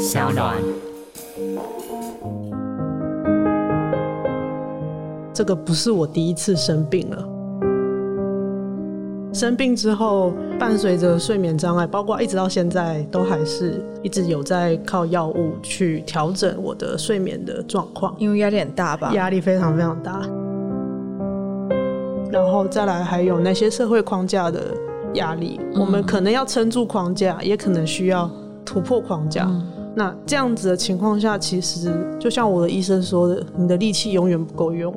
SoundOn，這個不是我第一次生病了。生病之後，伴隨着睡眠障礙，包括一直到現在都還是一直有在靠藥物去調整我的睡眠的狀況。因為壓力很大吧，壓力非常非常大。然後再來，還有那些社會框架的壓力、嗯，我們可能要撐住框架，也可能需要突破框架。嗯那這樣子的情況下，其實就像我的醫生說的，你的力氣永遠不夠用。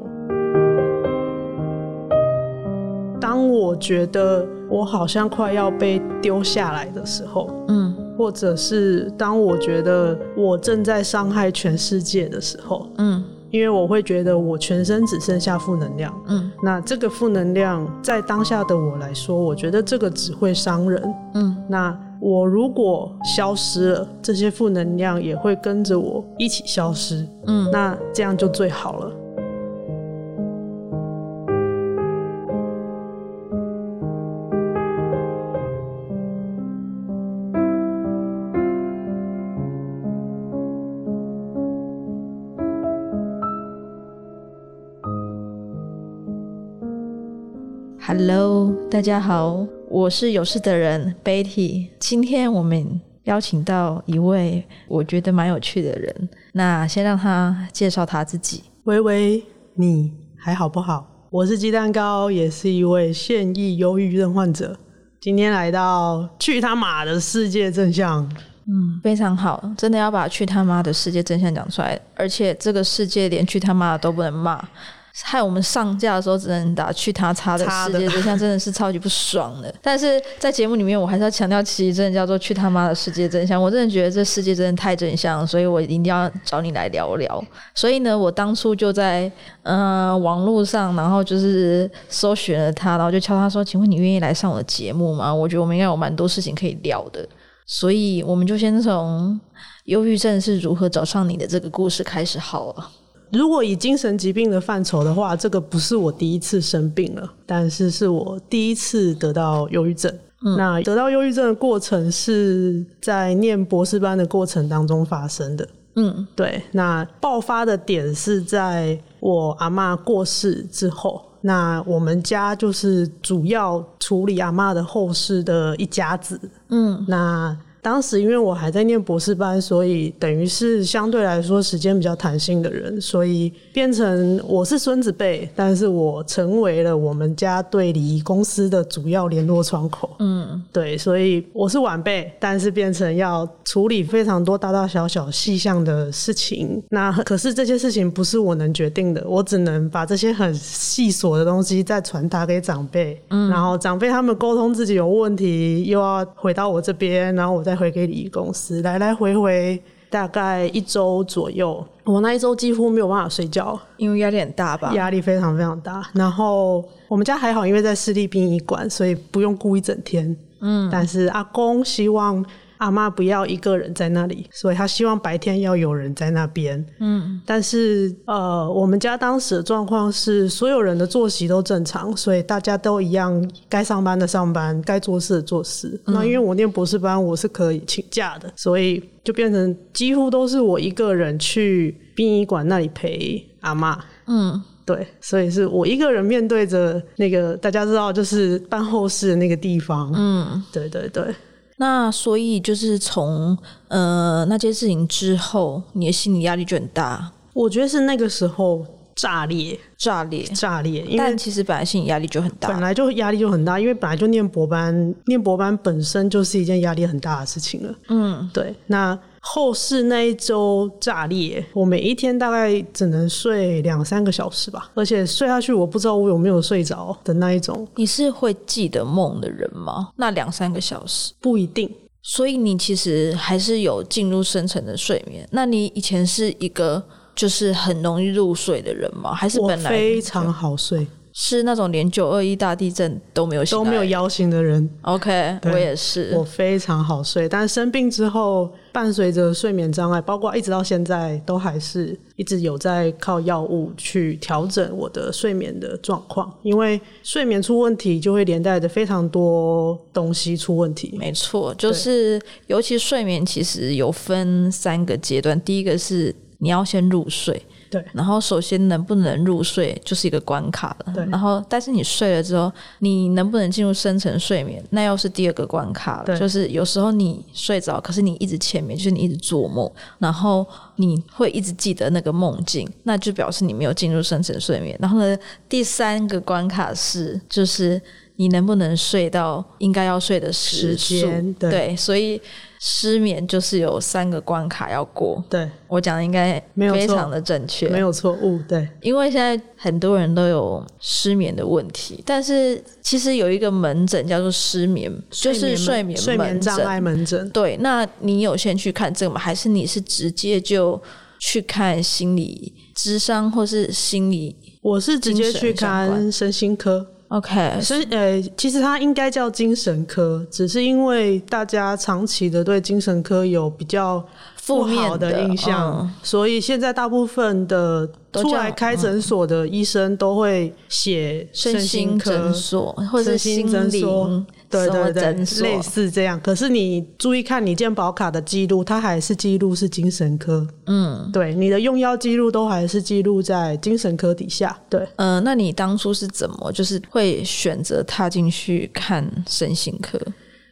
當我覺得我好像快要被丟下來的時候，嗯，或者是當我覺得我正在傷害全世界的時候，嗯。因為我會覺得我全身只剩下負能量，嗯，那這個負能量在當下的我來說，我覺得這個只會傷人，嗯，那我如果消失了，這些負能量也會跟着我一起消失，嗯，那這樣就最好了。Hello，大家好，我是有事的人 Betty。今天我們邀請到一位我覺得蠻有趣的人，那先讓他介紹他自己。喂喂，你還好不好？我是雞蛋糕，也是一位現役憂鬱症患者。今天來到去他媽的世界真相。嗯，非常好，真的要把去他媽的世界真相講出來，而且這個世界連去他媽都不能罵。害我們上架的時候只能打“去他叉”的世界真相，真的是超級不爽的。但是在節目裡面，我還是要強調，其實真的叫做“去他媽的世界真相”。我真的覺得這世界真的太真相，所以我一定要找你來聊聊。所以呢，我當初就在嗯、呃、網絡上，然後就是搜尋了他，然後就敲他說：“請問你願意來上我的節目嗎？”我覺得我們應該有蠻多事情可以聊的，所以我們就先從“憂鬱症是如何找上你的”這個故事開始好了。如果以精神疾病的範疇的話，這個不是我第一次生病了，但是是我第一次得到憂鬱症。嗯。那得到憂鬱症的過程是在念博士班的過程當中發生的。嗯，對。那爆發的點是在我阿媽過世之後。那我們家就是主要處理阿媽的後事的一家子。嗯，那。當時因為我還在念博士班，所以等於是相對來說時間比較彈性的人，所以變成我是孫子輩，但是我成為了我們家對禮儀公司的主要聯絡窗口。嗯，對，所以我是晚輩，但是變成要處理非常多大大小小細項的事情。那可是這些事情不是我能決定的，我只能把這些很細瑣的東西再傳達給長輩。嗯，然後長輩他們溝通自己有問題，又要回到我這邊，然後我再。回給禮儀公司，來來回回大概一周左右。我那一周幾乎沒有辦法睡覺，因為壓力很大吧？壓力非常非常大。然後我們家還好，因為在私立殯儀館，所以不用顧一整天。嗯，但是阿公希望，阿媽不要一個人在那裡，所以她希望白天要有人在那邊。嗯，但是呃，我們家當時的狀況是所有人的作息都正常，所以大家都一樣，該上班的上班，該做事的做事。嗯，那因為我念博士班，我是可以請假的，所以就變成幾乎都是我一個人去殯儀館那裡陪阿媽。嗯，對，所以是我一個人面對着那個大家知道就是辦後事的那個地方。嗯，對對對。那所以就是從呃那件事情之後，你的心理壓力就很大。我覺得是那個時候炸裂、炸裂、炸裂。因為，但其實本來心理壓力就很大，本來就壓力就很大，因為本來就念博班，念博班本身就是一件壓力很大的事情了。嗯，對，那。後世那一周炸裂，我每一天大概只能睡兩三個小時吧，而且睡下去我不知道我有沒有睡着的那一種。你是會記得夢的人嗎？那兩三個小時不一定，所以你其實還是有進入深層的睡眠。那你以前是一個就是很容易入睡的人嗎？還是本來非常好睡？是那種連九二一大地震都沒有都沒有醒來的人。OK，我也是，我非常好睡，但生病之後伴隨着睡眠障礙，包括一直到現在都還是一直有在靠藥物去調整我的睡眠的狀況，因為睡眠出問題就會連帶着非常多東西出問題。沒錯，就是尤其睡眠其實有分三個階段，第一個是你要先入睡。對，然後首先，能不能入睡就是一個關卡了。對，然後但是你睡了之後，你能不能進入深層睡眠，那又是第二個關卡了。對，就是有時候你睡着，可是你一直淺眠，就是你一直做夢，然後你會一直記得那個夢境，那就表示你沒有進入深層睡眠。然後呢，第三個關卡是就是你能不能睡到應該要睡的時間。時間，對，所以。失眠，就是有三個關卡要過，對，我講的應該非常的正確，沒有錯誤，對。因為現在很多人都有失眠的問題，但是其實有一個門診叫做失眠、眠，就是睡眠、睡眠障礙門診。對，那你有先去看這個嗎？還是你是直接就去看心理諮商或是心理？我是直接去看身心科。OK，所以、欸、其實它應該叫精神科，只是因為大家長期的對精神科有比較負面的印象的、嗯，所以現在大部分的出來開診所的醫生都會寫身心診、嗯、所或者是心理。對對對，類似這樣。可是你注意看，你健保卡的記錄，它還是記錄是精神科。嗯，對，你的用藥記錄都還是記錄在精神科底下。對，嗯、呃，那你當初是怎麼就是會選擇踏進去看身心科？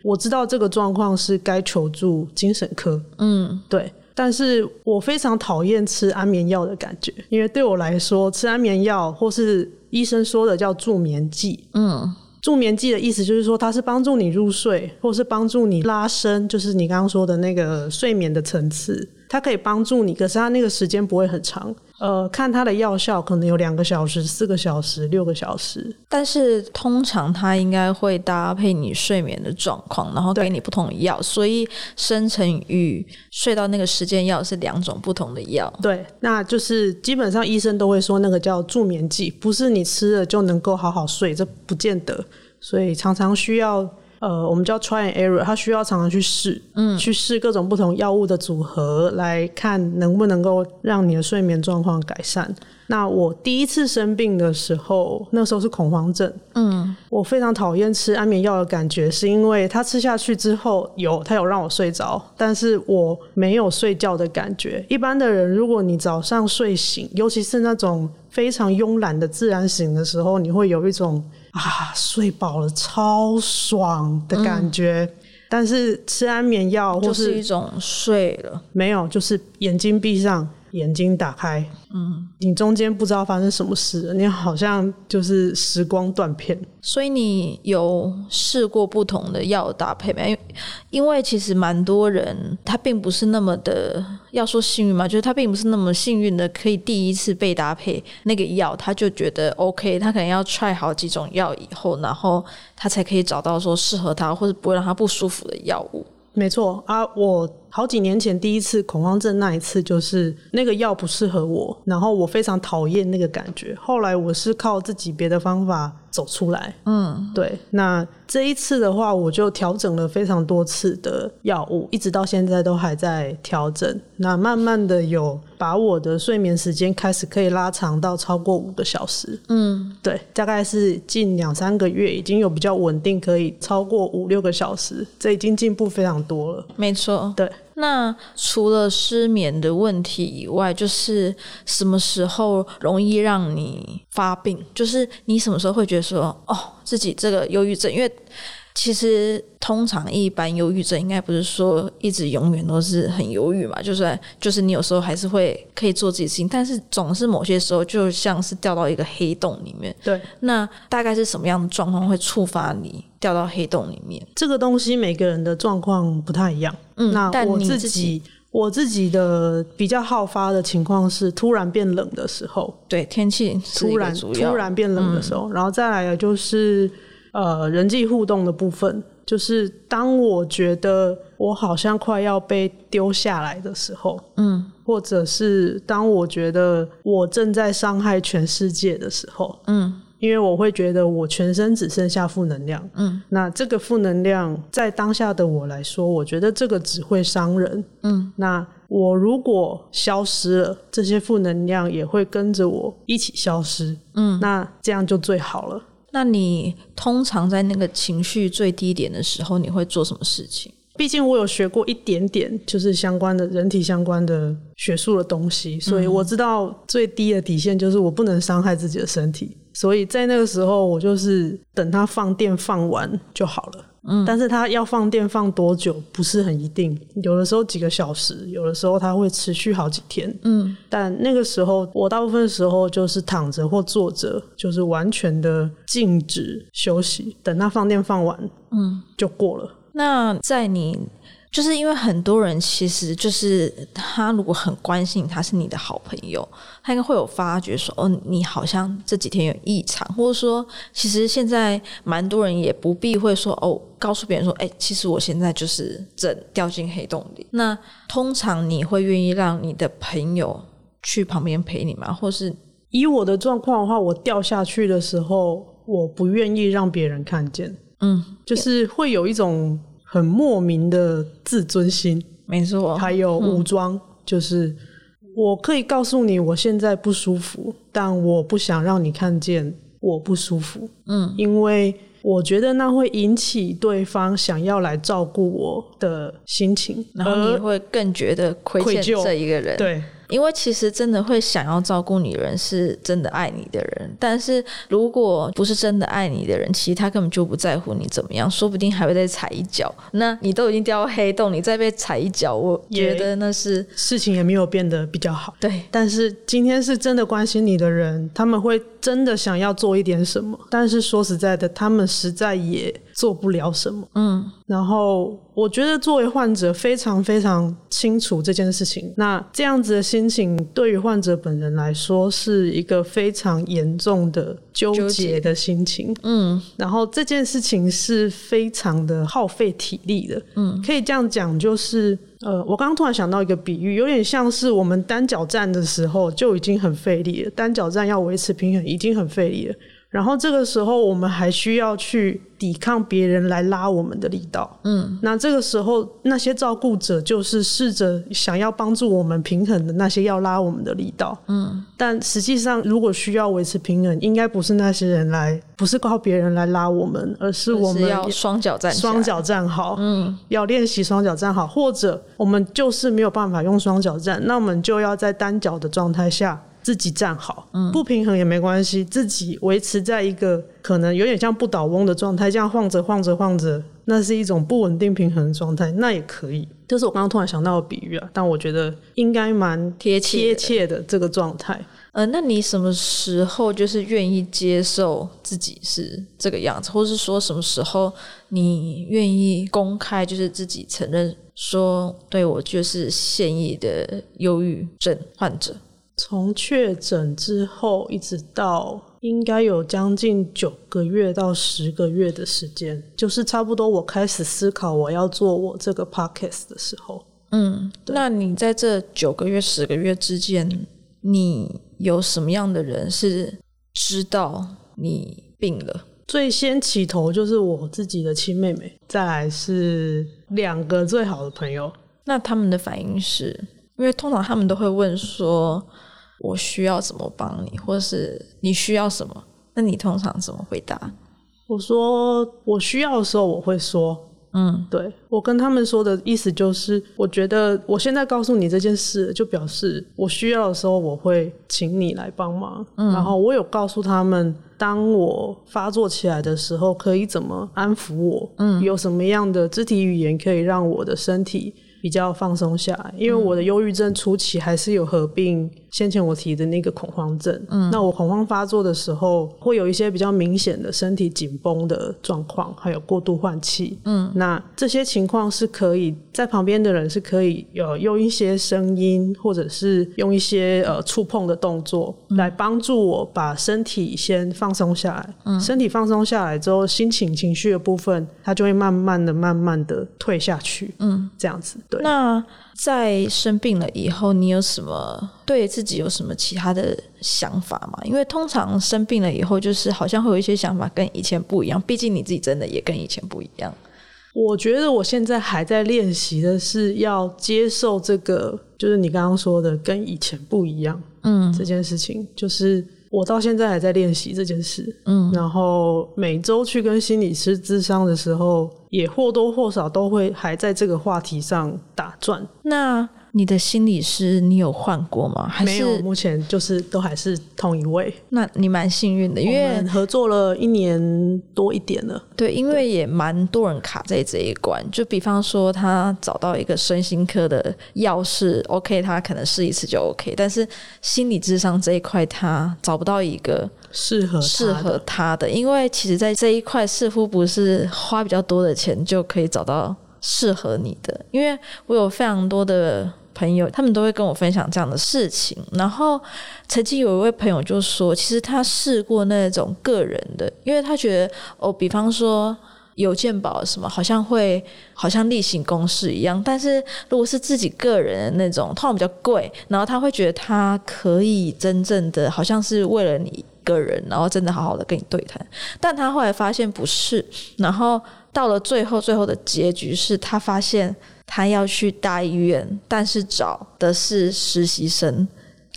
我知道這個狀況是該求助精神科。嗯，對，但是我非常討厭吃安眠藥的感覺，因為對我來說，吃安眠藥或是醫生說的叫助眠劑，嗯。助眠劑的意思就是說，它是幫助你入睡，或是幫助你拉伸，就是你剛剛說的那個睡眠的層次。它可以幫助你，可是它那個時間不會很長，呃，看它的藥效可能有兩個小時、四個小時、六個小時。但是通常它應該會搭配你睡眠的狀況，然後給你不同的藥，所以深層與睡到那個時間藥是兩種不同的藥。對，那就是基本上醫生都會說那個叫助眠劑，不是你吃了就能夠好好睡，這不見得，所以常常需要。呃，我們叫 try and error，它需要常常去試，嗯，去試各種不同藥物的組合，來看能不能夠讓你的睡眠狀況改善。那我第一次生病的時候，那時候是恐慌症，嗯，我非常討厭吃安眠藥的感覺，是因為它吃下去之後有，它有讓我睡着，但是我沒有睡覺的感覺。一般的人，如果你早上睡醒，尤其是那種非常慵懶的自然醒的時候，你會有一種。啊，睡飽了超爽的感覺。嗯，但是吃安眠藥或是就是一種睡了，沒有，就是眼睛閉上。眼睛打開，嗯，你中間不知道發生什麼事，你好像就是時光斷片。所以你有試過不同的藥搭配嗎？因為因為其實蠻多人他並不是那麼的要說幸運嘛，就是他並不是那麼幸運的可以第一次被搭配那個藥，他就覺得 OK，他可能要 try 好幾種藥以後，然後他才可以找到說適合他或者不會讓他不舒服的藥物。沒錯啊，我。好幾年前第一次恐慌症那一次就是那個藥不適合我，然後我非常討厭那個感覺。後來我是靠自己別的方法走出來。嗯，對。那這一次的話，我就調整了非常多次的藥物，一直到現在都還在調整。那慢慢的有把我的睡眠時間開始可以拉長到超過五個小時。嗯，對，大概是近兩三個月已經有比較穩定，可以超過五六個小時，這已經進步非常多了。沒錯，對。那除了失眠的問題以外，就是什麼時候容易讓你發病？就是你什麼時候會覺得說，哦，自己這個憂鬱症，因為。其實，通常一般憂鬱症應該不是說一直永遠都是很憂鬱嘛，就算就是你有時候還是會可以做自己的事情，但是總是某些時候就像是掉到一個黑洞裡面。對，那大概是什麼樣的狀況會觸發你掉到黑洞裡面？這個東西每個人的狀況不太一樣。嗯，那我自己，自己我自己的比較好發的情況是突然變冷的時候，對，天氣突然突然變冷的時候，嗯，然後再來的就是。呃，人際互動的部分，就是當我覺得我好像快要被丟下來的時候，嗯，或者是當我覺得我正在傷害全世界的時候，嗯，因為我會覺得我全身只剩下負能量，嗯，那這個負能量在當下的我來說，我覺得這個只會傷人，嗯，那我如果消失了，這些負能量也會跟着我一起消失，嗯，那這樣就最好了。那你通常在那個情緒最低點的時候，你會做什麼事情？畢竟我有學過一點點，就是相關的人體相關的學術的東西。嗯，所以我知道最低的底線就是我不能傷害自己的身體，所以在那個時候，我就是等它放電放完就好了。嗯，但是他要放電放多久不是很一定，有的時候幾個小時，有的時候他會持續好幾天。嗯，但那個時候我大部分時候就是躺着或坐着，就是完全的靜止休息，等他放電放完，嗯，就過了。那在你。就是因為很多人，其實就是他如果很關心，他是你的好朋友，他應該會有發覺說，哦，你好像這幾天有異常，或者說，其實現在蠻多人也不必會說，哦，告訴別人說，哎、欸，其實我現在就是整掉進黑洞裡。那通常你會願意讓你的朋友去旁邊陪你嗎？或是以我的狀況的話，我掉下去的時候，我不願意讓別人看見，嗯，就是會有一種。很莫名的自尊心，沒錯，還有武裝，嗯，就是我可以告訴你我現在不舒服，但我不想讓你看見我不舒服，嗯，因為我覺得那會引起對方想要來照顧我的心情，然後你會更覺得愧疚這一個人，對。因為其實真的會想要照顧你的人，是真的愛你的人。但是如果不是真的愛你的人，其實他根本就不在乎你怎麼樣，說不定還會再踩一腳。那你都已經掉到黑洞，你再被踩一腳，我覺得那是事情也沒有變得比較好。對，但是今天是真的關心你的人，他們會。真的想要做一點什麼，但是說實在的，他們實在也做不了什麼。嗯，然後我覺得作為患者非常非常清楚這件事情。那這樣子的心情對於患者本人來說是一個非常嚴重的糾結的心情。嗯，然後這件事情是非常的耗費體力的。嗯，可以這樣講，就是。呃，我剛剛突然想到一個比喻，有點像是我們單腳站的時候，就已經很費力了，單腳站要維持平衡已經很費力了。然後這個時候，我們還需要去抵抗別人來拉我們的力道。嗯，那這個時候那些照顧者就是試着想要幫助我們平衡的那些要拉我們的力道。嗯，但實際上如果需要維持平衡，應該不是那些人來，不是靠別人來拉我們，而是我們是要雙腳站，雙腳站好。嗯，要練習雙腳站好，或者我們就是沒有辦法用雙腳站，那我們就要在單腳的狀態下。自己站好，不平衡也沒關係，嗯，自己維持在一個可能有點像不倒翁的狀態，這樣晃着晃着晃着，那是一種不穩定平衡的狀態，那也可以。這是我剛剛突然想到的比喻啊，但我覺得應該蠻貼切貼切的這個狀態。呃，那你什麼時候就是願意接受自己是這個樣子，或是說什麼時候你願意公開就是自己承認說，對我就是現役的憂鬱症患者？從確診之後，一直到應該有將近九個月到十個月的時間，就是差不多我開始思考我要做我這個 podcast 的時候。嗯，那你在這九個月、十個月之間，你有什麼樣的人是知道你病了？最先起頭就是我自己的親妹妹，再來是兩個最好的朋友。那他們的反應是？因為通常他們都會問說：“我需要怎麼幫你，或是你需要什麼？”那你通常怎麼回答？我說：“我需要的時候我會說，嗯，對，我跟他們說的意思就是，我覺得我現在告訴你這件事，就表示我需要的時候我會請你來幫忙，嗯。然後我有告訴他們，當我發作起來的時候可以怎麼安撫我，嗯，有什麼樣的肢體語言可以讓我的身體。”比較放鬆下來，因為我的憂鬱症初期還是有合併。先前我提的那個恐慌症，嗯，那我恐慌發作的時候，會有一些比較明顯的身體緊繃的狀況，還有過度換氣，嗯，那這些情況是可以在旁邊的人是可以呃用一些聲音或者是用一些呃觸碰的動作，嗯，來幫助我把身體先放鬆下來，嗯，身體放鬆下來之後，心情情緒的部分它就會慢慢的、慢慢的退下去，嗯，這樣子，對，那。在生病了以後，你有什麼對自己有什麼其他的想法嗎？因為通常生病了以後，就是好像會有一些想法跟以前不一樣。畢竟你自己真的也跟以前不一樣。我覺得我現在還在練習的是要接受這個，就是你剛剛說的跟以前不一樣。嗯，這件事情就是。我到現在還在練習這件事，嗯，然後每周去跟心理師諮商的時候，也或多或少都會還在這個話題上打轉。那。你的心理師，你有換過嗎？還是？沒有，目前就是都還是同一位。那你蠻幸運的，因為我們合作了一年多一點了。對，因為也蠻多人卡在這一關。就比方說，他找到一個身心科的藥師，OK，他可能試一次就 OK。但是心理諮商這一塊，他找不到一個適合適合他的。因為其實在這一塊，似乎不是花比較多的錢就可以找到適合你的。因為我有非常多的。朋友，他們都會跟我分享這樣的事情。然後，曾經有一位朋友就說，其實他試過那種個人的，因為他覺得哦，比方說有健保什麼，好像會好像例行公事一樣。但是如果是自己個人的那種，通常比較貴。然後他會覺得他可以真正的，好像是為了你個人，然後真的好好的跟你對談。但他後來發現不是。然後到了最後，最後的結局是他發現。他要去大醫院，但是找的是實習生。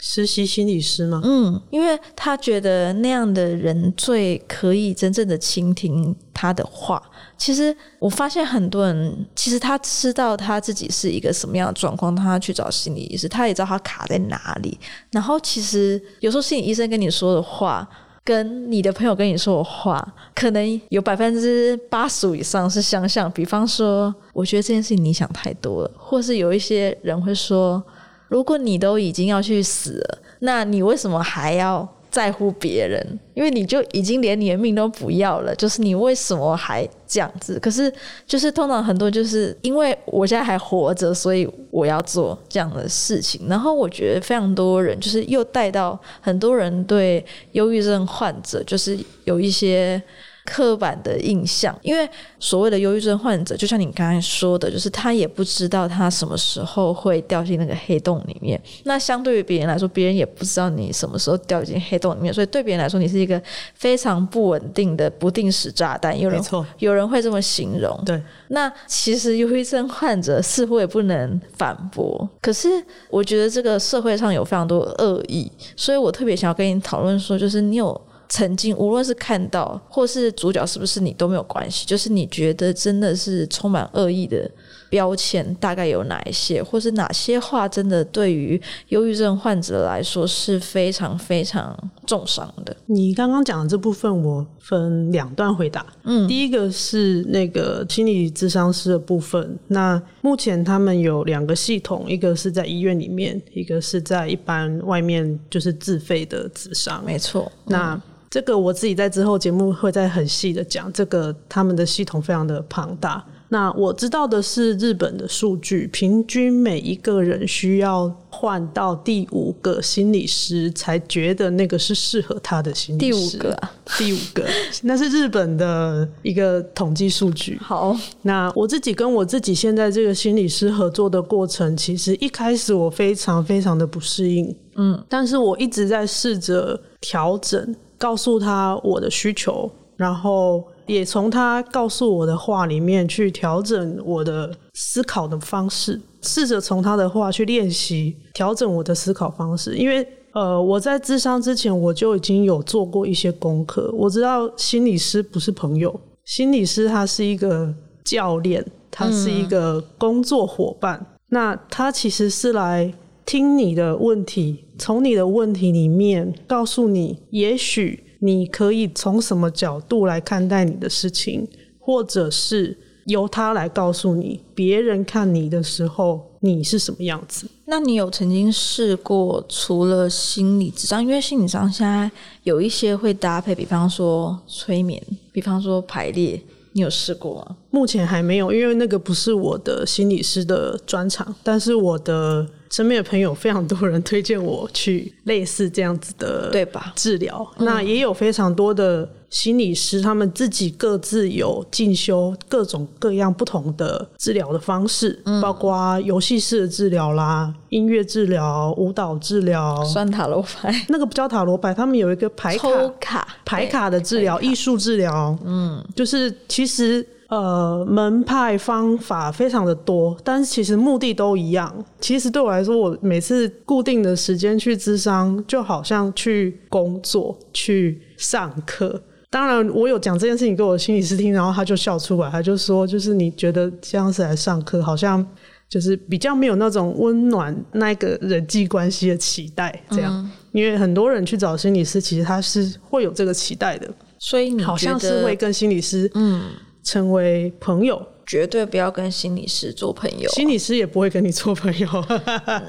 實習心理師嗎？嗯，因為他覺得那樣的人最可以真正的傾聽他的話。其實我發現很多人，其實他知道他自己是一個什麼樣的狀況，他去找心理醫師，他也知道他卡在哪裡。然後其實有時候心理醫生跟你說的話，跟你的朋友跟你說的話，可能有百分之八十五以上是相像。比方說，我覺得這件事情你想太多了，或是有一些人會說，如果你都已經要去死了，那你為什麼還要？在乎別人，因為你就已經連你的命都不要了，就是你為什麼還這樣子？可是就是通常很多，就是因為我現在還活着，所以我要做這樣的事情。然後我覺得非常多人，就是又帶到很多人對憂鬱症患者，就是有一些。刻板的印象，因為所謂的憂鬱症患者，就像你剛才說的，就是他也不知道他什麼時候會掉進那個黑洞裡面。那相對於別人來說，別人也不知道你什麼時候掉進黑洞裡面，所以對別人來說，你是一個非常不穩定的不定時炸彈。有人，沒錯，有人會這麼形容。對，那其實憂鬱症患者似乎也不能反駁。可是我覺得這個社會上有非常多惡意，所以我特別想要跟你討論說，就是你有。曾經無論是看到或是主角是不是你都沒有關係，就是你覺得真的是充滿惡意的標籤，大概有哪一些，或是哪些話真的對於憂鬱症患者來說是非常非常重傷的？你剛剛講的這部分，我分兩段回答。嗯，第一個是那個心理諮商師的部分，那目前他們有兩個系統，一個是在醫院裡面，一個是在一般外面，就是自費的諮商。沒錯，嗯，那。這個我自己在之後節目會再很細的講，這個他們的系統非常的龐大。那我知道的是日本的數據，平均每一個人需要換到第五個心理師才覺得那個是適合他的心理師。第五個，第五個， 那是日本的一個統計數據。好，那我自己跟我自己現在這個心理師合作的過程，其實一開始我非常非常的不適應，嗯，但是我一直在試着調整。告訴他我的需求，然後也從他告訴我的話裡面去調整我的思考的方式，試着從他的話去練習，調整我的思考方式。因為呃，我在諮商之前我就已經有做過一些功課，我知道心理師不是朋友，心理師他是一個教練，他是一個工作夥伴，嗯，那他其實是來聽你的問題。從你的問題裡面，告訴你，也許你可以從什麼角度來看待你的事情，或者是由他來告訴你，別人看你的時候你是什麼樣子。那你有曾經試過除了心理治療，因為心理上現在有一些會搭配，比方說催眠，比方說排列，你有試過嗎、啊？目前還沒有，因為那個不是我的心理師的專長，但是我的。身邊的朋友非常多人推薦我去類似這樣子的療，對吧，治療，那也有非常多的心理師，嗯、他們自己各自有進修各種各樣不同的治療的方式，嗯、包括遊戲式的治療啦、音樂治療、舞蹈治療、算塔羅牌，那個不叫塔羅牌，他們有一個牌卡，卡牌卡的治療、藝術治療，嗯，就是其實。呃，門派方法非常的多，但是其實目的都一樣。其實對我來說，我每次固定的時間去諮商，就好像去工作、去上課。當然，我有講這件事情給我的心理師聽、嗯，然後他就笑出來，他就說：“就是你覺得這樣子來上課，好像就是比較沒有那種溫暖那個人際關係的期待。”這樣、嗯，因為很多人去找心理師，其實他是會有這個期待的。所以，你好像是會跟心理師，嗯。成為朋友，絕對不要跟心理師做朋友啊。心理師也不會跟你做朋友。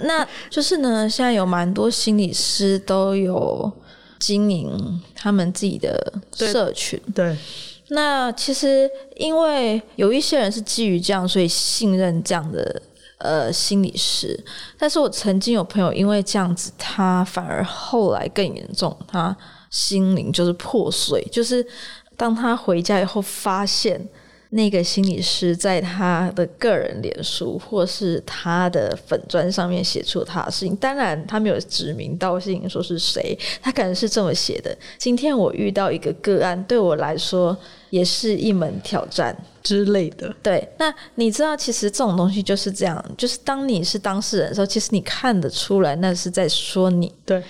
那就是呢，現在有蠻多心理師都有經營他們自己的社群。對。對，那其實因為有一些人是基於這樣，所以信任這樣的呃心理師。但是我曾經有朋友因為這樣子，他反而後來更嚴重，他心靈就是破碎，就是。當他回家以後，發現那個心理師在他的個人臉書或是他的粉專上面寫出他的事情。當然，他沒有指名道姓說是誰，他可能是這麼寫的：“今天我遇到一個個案，對我來說也是一門挑戰之類的。”對，那你知道，其實這種東西就是這樣，就是當你是當事人的時候，其實你看得出來，那是在說你。對。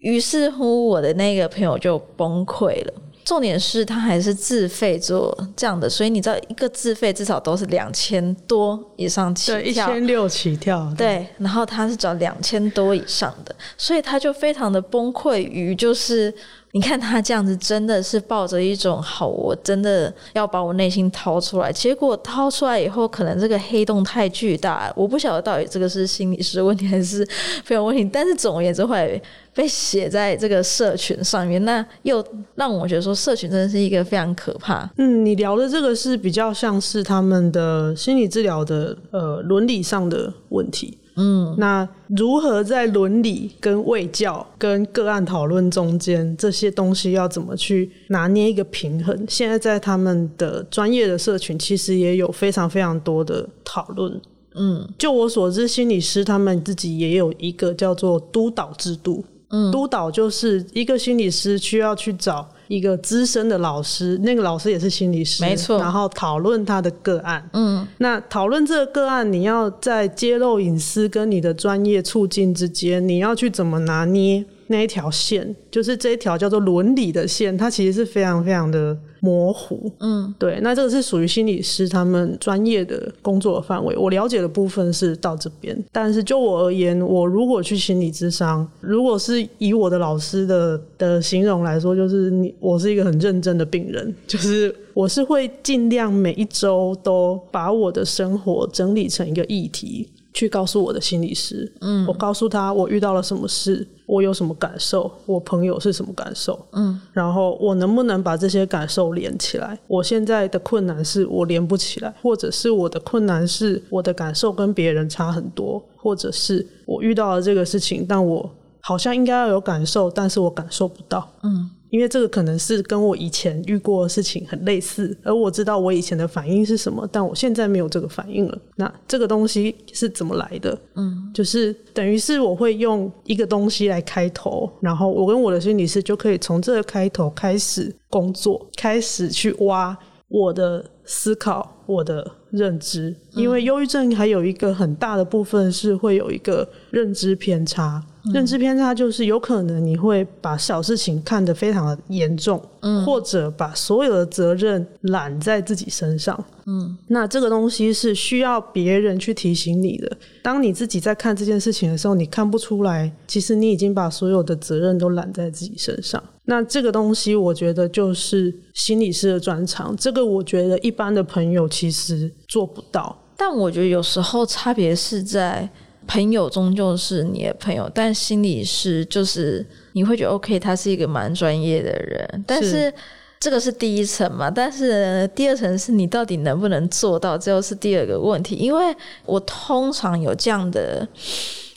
於是乎，我的那個朋友就崩潰了。重點是他還是自費做這樣的，所以你知道一個自費至少都是兩千多以上起跳，對，一千六起跳，對，對，然後他是找兩千多以上的，所以他就非常的崩潰於就是，你看他這樣子，真的是抱着一種“好，我真的要把我內心掏出來”。結果掏出來以後，可能這個黑洞太巨大了，我不曉得到底這個是心理師問題還是什麼問題。但是總而言之，會被寫在這個社群上面，那又讓我覺得說，社群真的是一個非常可怕。嗯，你聊的這個是比較像是他們的心理治療的呃倫理上的問題。嗯，那如何在倫理、跟衛教、跟個案討論中間，這些東西要怎麼去拿捏一個平衡？現在在他們的專業的社群，其實也有非常非常多的討論。嗯，就我所知，心理師他們自己也有一個叫做督導制度。嗯，督導就是一個心理師需要去找。一個資深的老師，那個老師也是心理師，沒錯。然後討論他的個案，嗯，那討論這個個案，你要在揭露隱私跟你的專業促進之間，你要去怎麼拿捏？那一條線，就是這一條叫做倫理的線，它其實是非常非常的模糊。嗯，對。那這個是屬於心理師他們專業的工作範圍，我了解的部分是到這邊。但是就我而言，我如果去心理諮商，如果是以我的老師的的形容來說，就是你我是一個很認真的病人，就是我是會儘量每一周都把我的生活整理成一個議題。去告訴我的心理師，嗯，我告訴他我遇到了什麼事，我有什麼感受，我朋友是什麼感受，嗯，然後我能不能把這些感受連起來？我現在的困難是我連不起來，或者是我的困難是我的感受跟別人差很多，或者是我遇到了這個事情，但我好像應該要有感受，但是我感受不到。嗯。因為這個可能是跟我以前遇過的事情很類似，而我知道我以前的反應是什麼，但我現在沒有這個反應了。那這個東西是怎麼來的？嗯，就是等於是我會用一個東西來開頭，然後我跟我的心理師就可以從這個開頭開始工作，開始去挖我的思考、我的認知。因為憂鬱症還有一個很大的部分是會有一個認知偏差。認知偏差就是有可能你會把小事情看得非常的嚴重，嗯，或者把所有的責任攬在自己身上。嗯，那這個東西是需要別人去提醒你的。當你自己在看這件事情的時候，你看不出來，其實你已經把所有的責任都攬在自己身上。那這個東西，我覺得就是心理師的專長。這個我覺得一般的朋友其實做不到。但我覺得有時候差別是在。朋友終究是你的朋友，但心理師就是你會覺得 OK，他是一個蠻專業的人，但是這個是第一層嘛。但是第二層是你到底能不能做到，這又是第二個問題。因為我通常有這樣的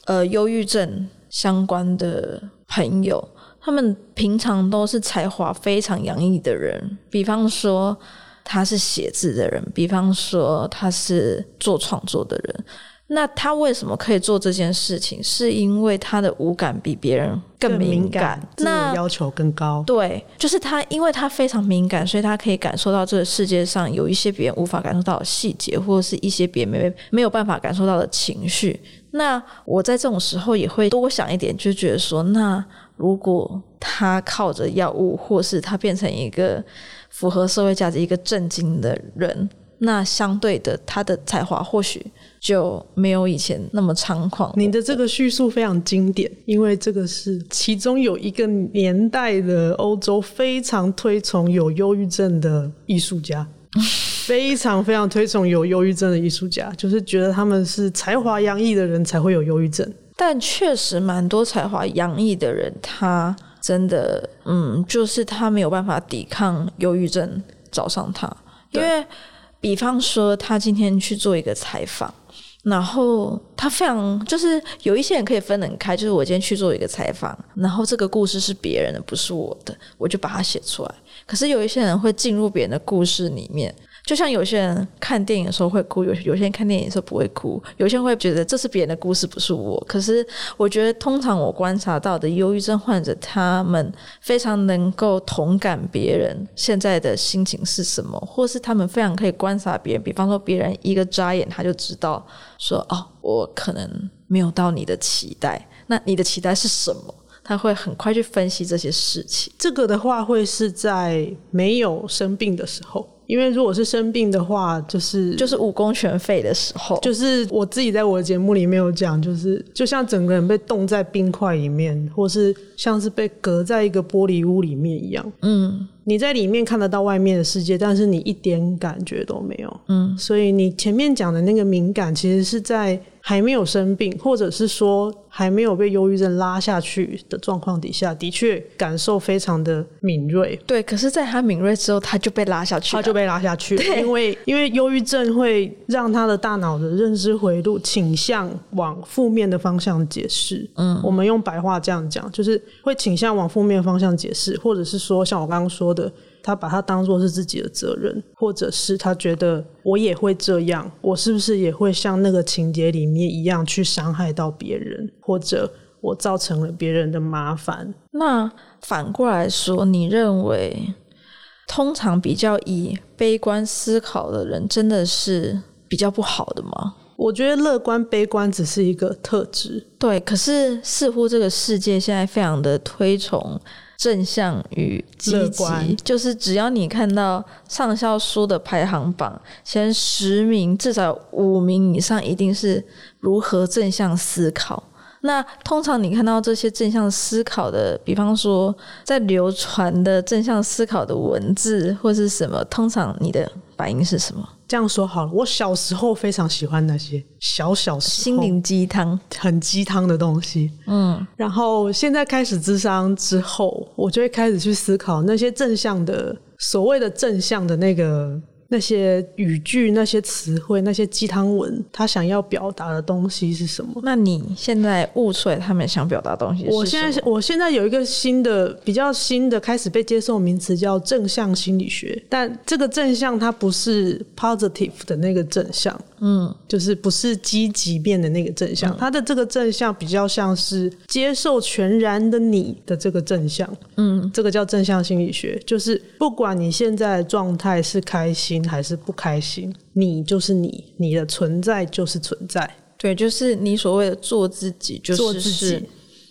呃憂鬱症相關的朋友，他們平常都是才華非常洋溢的人，比方說他是寫字的人，比方說他是做創作的人。那他為什麼可以做這件事情？是因為他的五感比別人更敏感，敏感那要求更高。對，就是他，因為他非常敏感，所以他可以感受到這個世界上有一些別人無法感受到的細節，或者是一些別人沒沒有辦法感受到的情緒。那我在這種時候也會多想一點，就覺得說，那如果他靠着藥物，或是他變成一個符合社會價值、一個正經的人。那相對的，他的才華或許就沒有以前那麼猖狂。的你的這個敘述非常經典，因為這個是其中有一個年代的歐洲非常推崇有憂鬱症的藝術家， 非常非常推崇有憂鬱症的藝術家，就是覺得他們是才華洋溢的人才會有憂鬱症。但確實，蠻多才華洋溢的人，他真的，嗯，就是他沒有辦法抵抗憂鬱症找上他，因為。比方說，他今天去做一個採訪，然後他非常就是有一些人可以分得開，就是我今天去做一個採訪，然後這個故事是別人的，不是我的，我就把它寫出來。可是有一些人會進入別人的故事裡面。就像有些人看電影的時候會哭，有有些人看電影的時候不會哭，有些人會覺得這是別人的故事，不是我。可是我覺得，通常我觀察到的憂鬱症患者，他們非常能夠同感別人現在的心情是什麼，或是他們非常可以觀察別人。比方說，別人一個眨眼，他就知道說：“哦，我可能沒有到你的期待。”那你的期待是什麼？他會很快去分析這些事情。這個的話，會是在沒有生病的時候。因為如果是生病的話，就是就是武功全廢的時候。就是我自己在我的節目裡面有講，就是就像整個人被凍在冰塊裡面，或是像是被隔在一個玻璃屋裡面一樣。嗯，你在裡面看得到外面的世界，但是你一點感覺都沒有。嗯，所以你前面講的那個敏感，其實是在。還沒有生病，或者是說還沒有被憂鬱症拉下去的狀況底下，的確感受非常的敏銳。對，可是，在他敏銳之後，他就被拉下去了，他就被拉下去了。對，因為因為憂鬱症會讓他的大腦的認知回路傾向往負面的方向解釋。嗯，我們用白話這樣講，就是會傾向往負面的方向解釋，或者是說，像我剛剛說的。他把他當做是自己的責任，或者是他覺得我也會這樣，我是不是也會像那個情節裡面一樣去傷害到別人，或者我造成了別人的麻煩？那反過來說，你認為通常比較以悲觀思考的人，真的是比較不好的嗎？我覺得樂觀、悲觀只是一個特質。對，可是似乎這個世界現在非常的推崇。正向與積極，就是只要你看到暢銷書的排行榜前十名，至少五名以上，一定是如何正向思考。那通常你看到這些正向思考的，比方說在流傳的正向思考的文字或是什麼，通常你的反應是什麼？這樣說好了，我小時候非常喜歡那些小小時候心靈雞湯，很雞湯的東西。嗯，然後現在開始諮商之後，我就會開始去思考那些正向的，所謂的正向的那個。那些語句、那些詞彙、那些雞湯文，他想要表達的東西是什麼？那你現在悟出來，他們想表達東西是什麼？我現在，我現在有一個新的、比較新的開始被接受名詞，叫正向心理學。但這個正向，它不是 positive 的那個正向，嗯，就是不是積極變的那個正向，嗯。它的這個正向比較像是接受全然的你的這個正向，嗯，這個叫正向心理學，就是不管你現在的狀態是開心，還是不開心，你就是你，你的存在就是存在，對，就是你所謂的做自己，就是、做自己、是，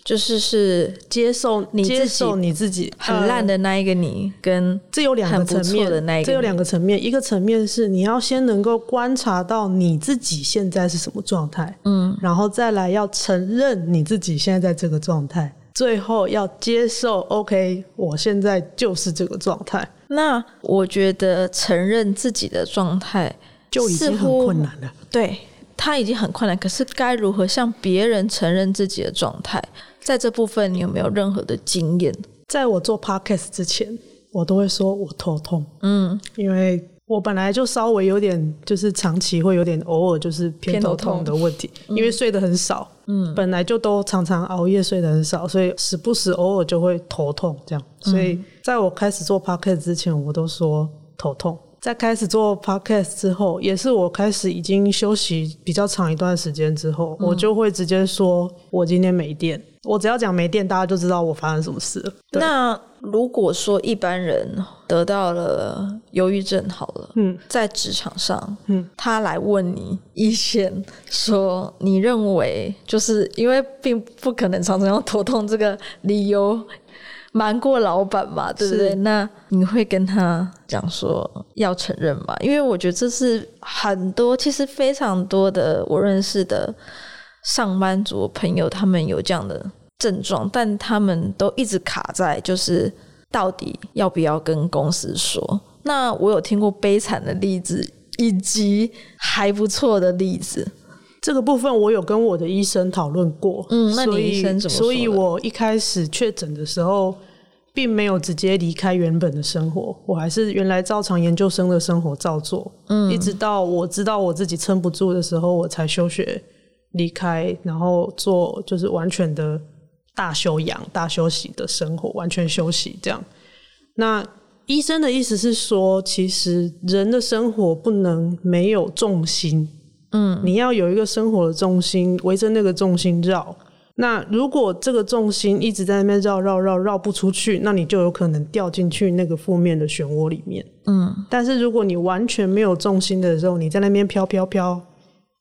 就是是接受你自己你，接受你自己、嗯、很爛的那一個你，跟很不錯的那個你，這有兩個層面的那，這有兩個層面，一個層面是你要先能夠觀察到你自己現在是什麼狀態，嗯，然後再來要承認你自己現在在這個狀態。最後要接受，OK，我現在就是這個狀態。那我覺得承認自己的狀態，就已經很困難了。對，他已經很困難，可是該如何向別人承認自己的狀態，在這部分你有沒有任何的經驗？在我做 Podcast 之前，我都會說我頭痛，嗯，因為。我本來就稍微有點，就是長期會有點偶爾就是偏頭痛的問題，嗯，因為睡得很少，嗯，本來就都常常熬夜睡得很少，所以時不時偶爾就會頭痛這樣。所以在我開始做 podcast 之前，我都說頭痛；在開始做 podcast 之後，也是我開始已經休息比較長一段時間之後，嗯，我就會直接說：“我今天沒電。”我只要講沒電，大家就知道我發生什麼事了。那。如果說一般人得到了憂鬱症好了，嗯，在職場上，嗯，他來問你意見，說你認為就是因為並不可能常常用頭痛這個理由瞞過老闆嘛，對不對？那你會跟他講說要承認嘛？因為我覺得這是很多其實非常多的我認識的上班族朋友他們有這樣的。症狀，但他們都一直卡在，就是到底要不要跟公司說？那我有聽過悲慘的例子，以及還不錯的例子。這個部分我有跟我的醫生討論過。嗯，那你醫生怎麼說的？所以，所以我一開始確診的時候，並沒有直接離開原本的生活，我還是原來照常研究生的生活照做。嗯，一直到我知道我自己撐不住的時候，我才休學離開，然後做就是完全的。大休養、大休息的生活，完全休息這樣。那醫生的意思是說，其實人的生活不能沒有重心。嗯，你要有一個生活的重心，圍着那個重心繞。那如果這個重心一直在那邊繞繞繞繞不出去，那你就有可能掉進去那個負面的漩渦裡面。嗯，但是如果你完全沒有重心的時候，你在那邊飄飄飄，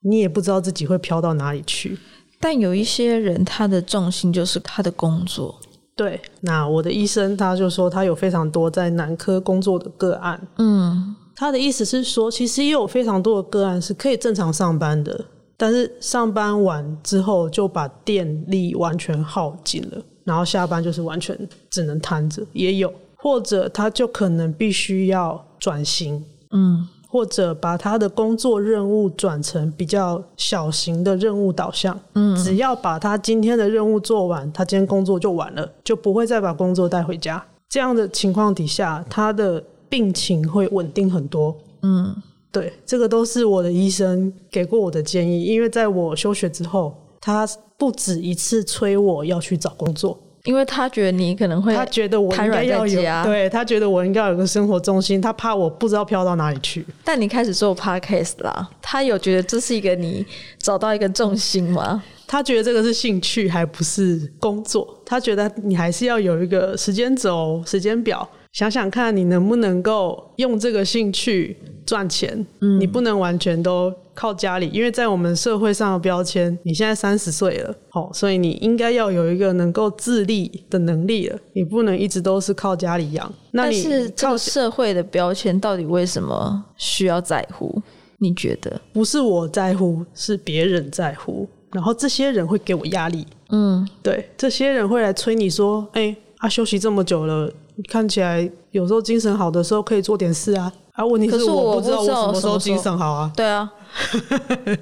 你也不知道自己會飄到哪裡去。但有一些人，他的重心就是他的工作。對，那我的醫生他就說，他有非常多在南科工作的個案。嗯，他的意思是說，其實也有非常多的個案是可以正常上班的，但是上班完之後就把電力完全耗盡了，然後下班就是完全只能癱着。也有，或者他就可能必須要轉型。嗯。或者把他的工作任務轉成比較小型的任務導向，嗯，只要把他今天的任務做完，他今天工作就完了，就不會再把工作帶回家。這樣的情況底下，他的病情會穩定很多。嗯，對，這個都是我的醫生給過我的建議，因為在我休學之後，他不止一次催我要去找工作。因為他覺得你可能會他要有在、啊對，他覺得我應該要有，對他覺得我應該有個生活重心，他怕我不知道飄到哪裡去。但你開始做 podcast 了，他有覺得這是一個你找到一個重心嗎、嗯？他覺得這個是興趣，還不是工作。他覺得你還是要有一個時間軸、時間表。想想看你能不能夠用這個興趣賺錢、嗯，你不能完全都靠家裡，因為在我們社會上的標籤，你現在三十歲了，好、哦，所以你應該要有一個能夠自立的能力了，你不能一直都是靠家裡養。但是，靠社會的標籤到底為什麼需要在乎？你覺得不是我在乎，是別人在乎，然後這些人會給我壓力。嗯，對，這些人會來催你說：“哎、欸，啊，休息這麼久了。”看起來有時候精神好的時候可以做點事啊，而、啊、問題是我不知道我什麼時候精神好啊。好啊對啊，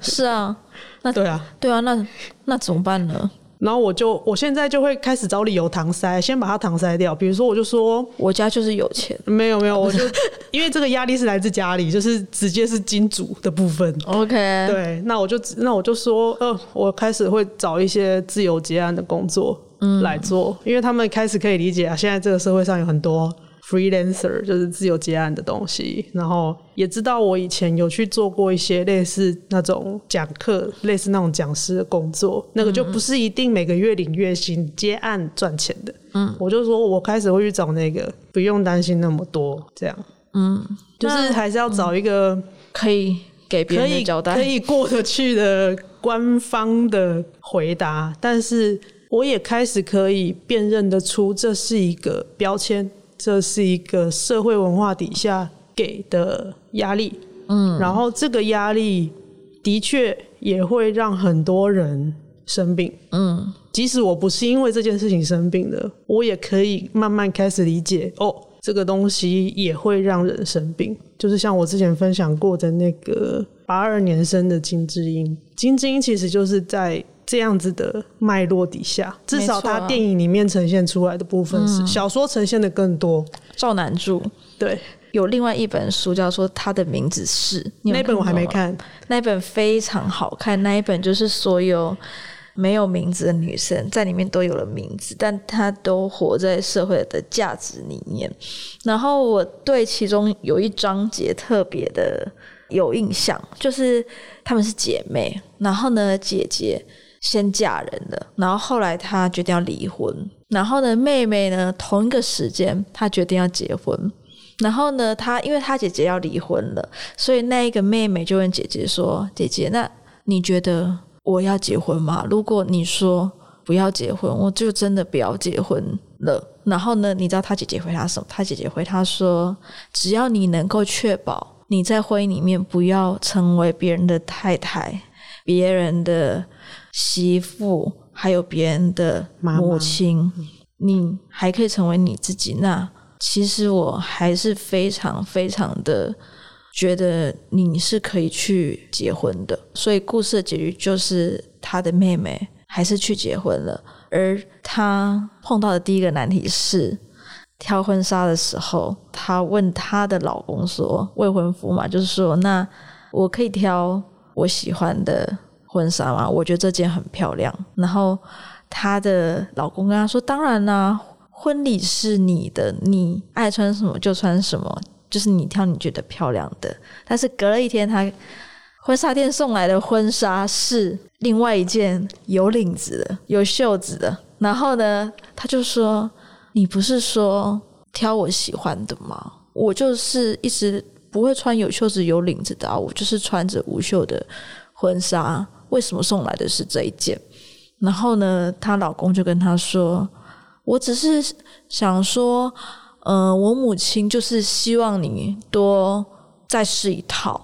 是啊，那對啊，對啊，那那怎麼辦呢？然後我就我現在就會開始找理由搪塞，先把它搪塞掉。比如說，我就說我家就是有錢，沒有沒有，我就 因為這個壓力是來自家裡，就是直接是金主的部分。OK，對，那我就那我就說，呃，我開始會找一些自由接案的工作。嗯、來做，因為他們開始可以理解啊。現在這個社會上有很多 freelancer，就是自由接案的東西。然後也知道我以前有去做過一些類似那種講課、類似那種講師的工作，嗯，那個就不是一定每個月領月薪接案賺錢的。嗯，我就說我開始會去找那個，不用擔心那麼多這樣。嗯，就是還是要找一個、嗯、可以給別人交代可、可以過得去的官方的回答，但是。我也開始可以辨認得出，這是一個標籤，這是一個社會文化底下給的壓力。嗯，然後這個壓力的確也會讓很多人生病。嗯，即使我不是因為這件事情生病的，我也可以慢慢開始理解哦，這個東西也會讓人生病。就是像我之前分享過的那個八二年生的金智英，金智英其實就是在。這樣子的脈絡底下，至少他電影裡面呈現出來的部分是，啊嗯，小說呈現的更多。趙南柱，對，有另外一本書叫做《她的名字是》，那本我還沒看，那本非常好看。那一本就是所有沒有名字的女生在裡面都有了名字，但她都活在社會的價值裡面。然後我對其中有一章節特別的有印象，就是她們是姐妹，然後呢，姐姐。先嫁人了，然後後來他決定要離婚，然後呢，妹妹呢，同一個時間他決定要結婚，然後呢，他因為他姐姐要離婚了，所以那一個妹妹就問姐姐說：“姐姐，那你覺得我要結婚嗎？如果你說不要結婚，我就真的不要結婚了。”然後呢，你知道他姐姐回答什麼？他姐姐回他說：“只要你能夠確保你在婚姻裡面不要成為別人的太太，別人的。”媳婦，還有別人的母親媽媽，你還可以成為你自己。那其實我還是非常非常的覺得你是可以去結婚的。所以故事的結局就是，他的妹妹還是去結婚了。而她碰到的第一個難題是挑婚紗的時候，她問她的老公說：“未婚夫嘛，就是說，那我可以挑我喜歡的。”婚紗嘛，我覺得這件很漂亮。然後她的老公跟她說：“當然啦、啊，婚禮是你的，你愛穿什麼就穿什麼，就是你挑你覺得漂亮的。”但是隔了一天，她婚紗店送來的婚紗是另外一件有領子的、有袖子的。然後呢，他就說：“你不是說挑我喜歡的嗎？我就是一直不會穿有袖子、有領子的、啊，我就是穿着無袖的婚紗。”為什麼送來的是這一件？然後呢，她老公就跟她說：“我只是想說，呃，我母親就是希望你多再試一套。”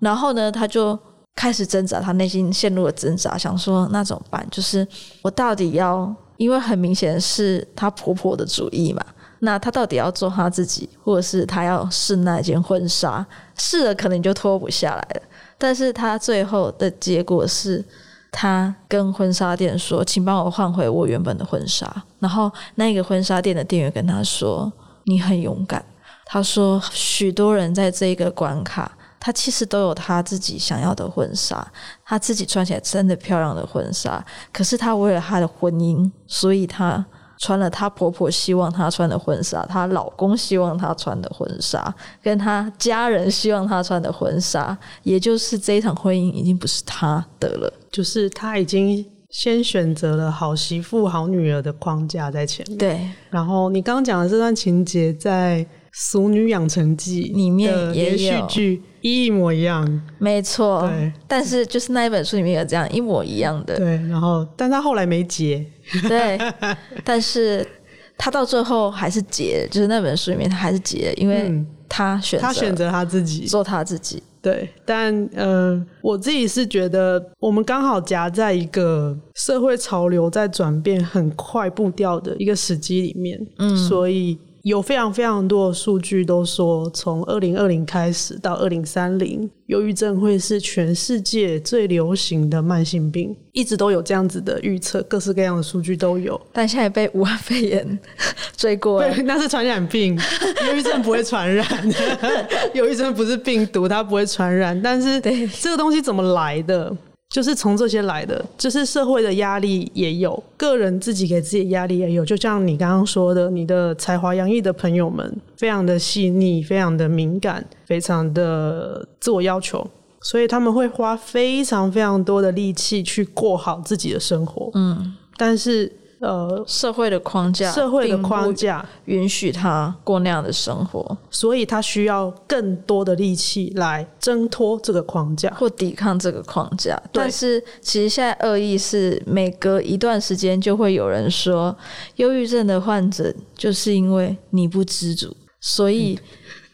然後呢，她就開始掙扎，她內心陷入了掙扎，想說那怎麼辦？就是我到底要……因為很明顯是她婆婆的主意嘛，那她到底要做她自己，或者是她要試那件婚紗？試了可能就脫不下來了。但是她最後的結果是，她跟婚紗店說：“請幫我換回我原本的婚紗。”然後那個婚紗店的店員跟她說：“你很勇敢。”她說：“許多人在這一個關卡。”她其實都有她自己想要的婚紗，她自己穿起來真的漂亮的婚紗。可是她為了她的婚姻，所以她穿了她婆婆希望她穿的婚紗、她老公希望她穿的婚紗，跟她家人希望她穿的婚紗。也就是這一場婚姻已經不是她的了，就是她已經先選擇了好媳婦、好女兒的框架在前面。對。然後你剛剛講的這段情節，在《俗女養成記》裡面也有。一模一樣，沒錯。但是就是那一本書裡面有這樣一模一樣的。對，然後，但他後來沒結。對， 但是他到最後還是結，就是那本書裡面他還是結，因為他選他選擇他自己、嗯、他做他自己。對，但嗯、呃，我自己是覺得我們剛好夾在一個社會潮流在轉變很快步調的一個時機裡面，嗯，所以。有非常非常多的數據都說，從二零二零開始到二零三零，憂鬱症會是全世界最流行的慢性病，一直都有這樣子的預測，各式各樣的數據都有。但現在也被武漢肺炎、嗯、追過，對，那是傳染病，憂 鬱症不會傳染，憂 鬱 症不是病毒，它不會傳染。但是這個東西怎麼來的？就是從這些來的，就是社會的壓力也有，個人自己給自己壓力也有。就像你剛剛說的，你的才華洋溢的朋友們，非常的細膩，非常的敏感，非常的自我要求，所以他們會花非常非常多的力氣去過好自己的生活。嗯，但是。呃，社會的框架，社會的框架允許他過那樣的生活，所以他需要更多的力氣來掙脫這個框架或抵抗這個框架。但是，其實現在惡意是每隔一段時間就會有人說，憂鬱症的患者就是因為你不知足，所以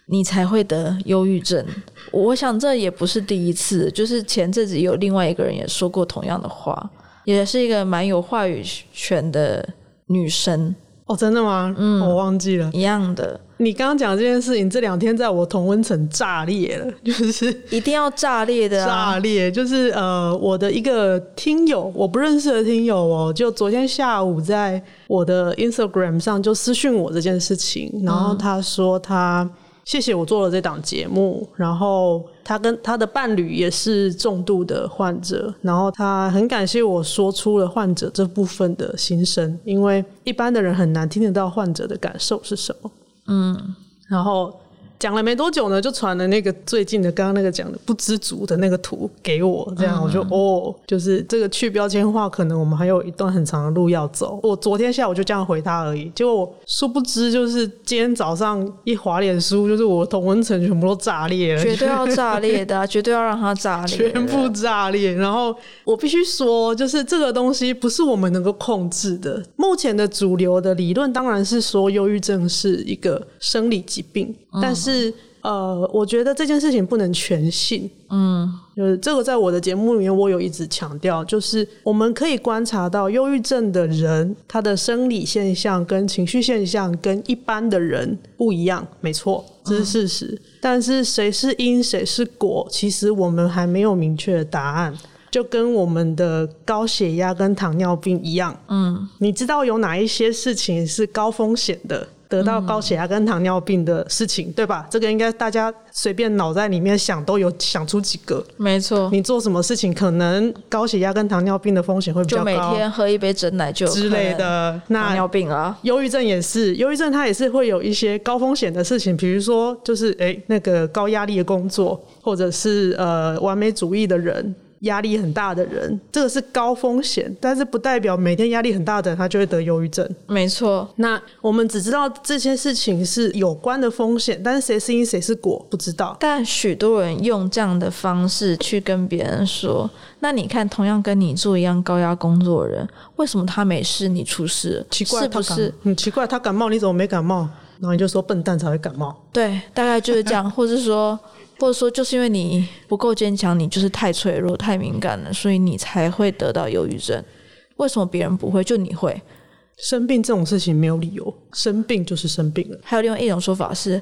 你才會得憂鬱症。嗯，我想這也不是第一次，就是前陣子有另外一個人也說過同樣的話。也是一個蠻有話語權的女生哦，真的嗎？嗯，我忘記了。一樣的，你剛剛講的這件事情，這兩天在我同溫層炸裂了，就是一定要炸裂的啊。炸裂就是呃，我的一個聽友，我不認識的聽友哦，就昨天下午在我的 Instagram 上就私訊我這件事情，然後他說他。嗯謝謝我做了這檔節目，然後他跟他的伴侶也是重度的患者，然後他很感謝我說出了患者這部分的心聲，因為一般的人很難聽得到患者的感受是什麼。嗯，然後。講了沒多久呢，就傳了那個最近的剛剛那個講的不知足的那個圖給我，這樣我就哦，嗯 oh, 就是這個去標籤化，可能我們還有一段很長的路要走。我昨天下午就這樣回他而已，結果我殊不知就是今天早上一滑臉書，就是我同溫層全部都炸裂了，絕對要炸裂的，啊， 絕對要讓他炸裂，全部炸裂。然後我必須說，就是這個東西不是我們能夠控制的。目前的主流的理論當然是說，憂鬱症是一個生理疾病，嗯、但是。是呃，我覺得這件事情不能全信，嗯，就是這個在我的節目裡面，我有一直強調，就是我們可以觀察到，憂鬱症的人他的生理現象跟情緒現象跟一般的人不一樣，沒錯，這是事實。嗯。但是誰是因誰是果，其實我們還沒有明確的答案，就跟我們的高血壓跟糖尿病一樣，嗯，你知道有哪一些事情是高風險的？得到高血壓跟糖尿病的事情，嗯、對吧？這個應該大家隨便腦袋裡面想都有想出幾個。沒錯，你做什麼事情可能高血壓跟糖尿病的風險會比較高。就每天喝一杯珍奶就之類的，糖尿病啊，憂鬱症也是。憂鬱症它也是會有一些高風險的事情，比如說就是哎、欸、那個高壓力的工作，或者是呃完美主義的人。壓力很大的人，這個是高風險，但是不代表每天壓力很大的人他就會得憂鬱症。沒錯，那我們只知道這些事情是有關的風險，但是誰是因誰是果，不知道。但許多人用這樣的方式去跟別人說：“那你看，同樣跟你做一樣高壓工作的人，為什麼他沒事，你出事？奇怪，是不是很、嗯、奇怪？他感冒，你怎麼沒感冒？然後你就說笨蛋才會感冒。”對，大概就是這樣， 或是說。或者說，就是因為你不夠堅強，你就是太脆弱、太敏感了，所以你才會得到憂鬱症。為什麼別人不會？就你會？生病這種事情沒有理由，生病就是生病了。還有另外一種說法是，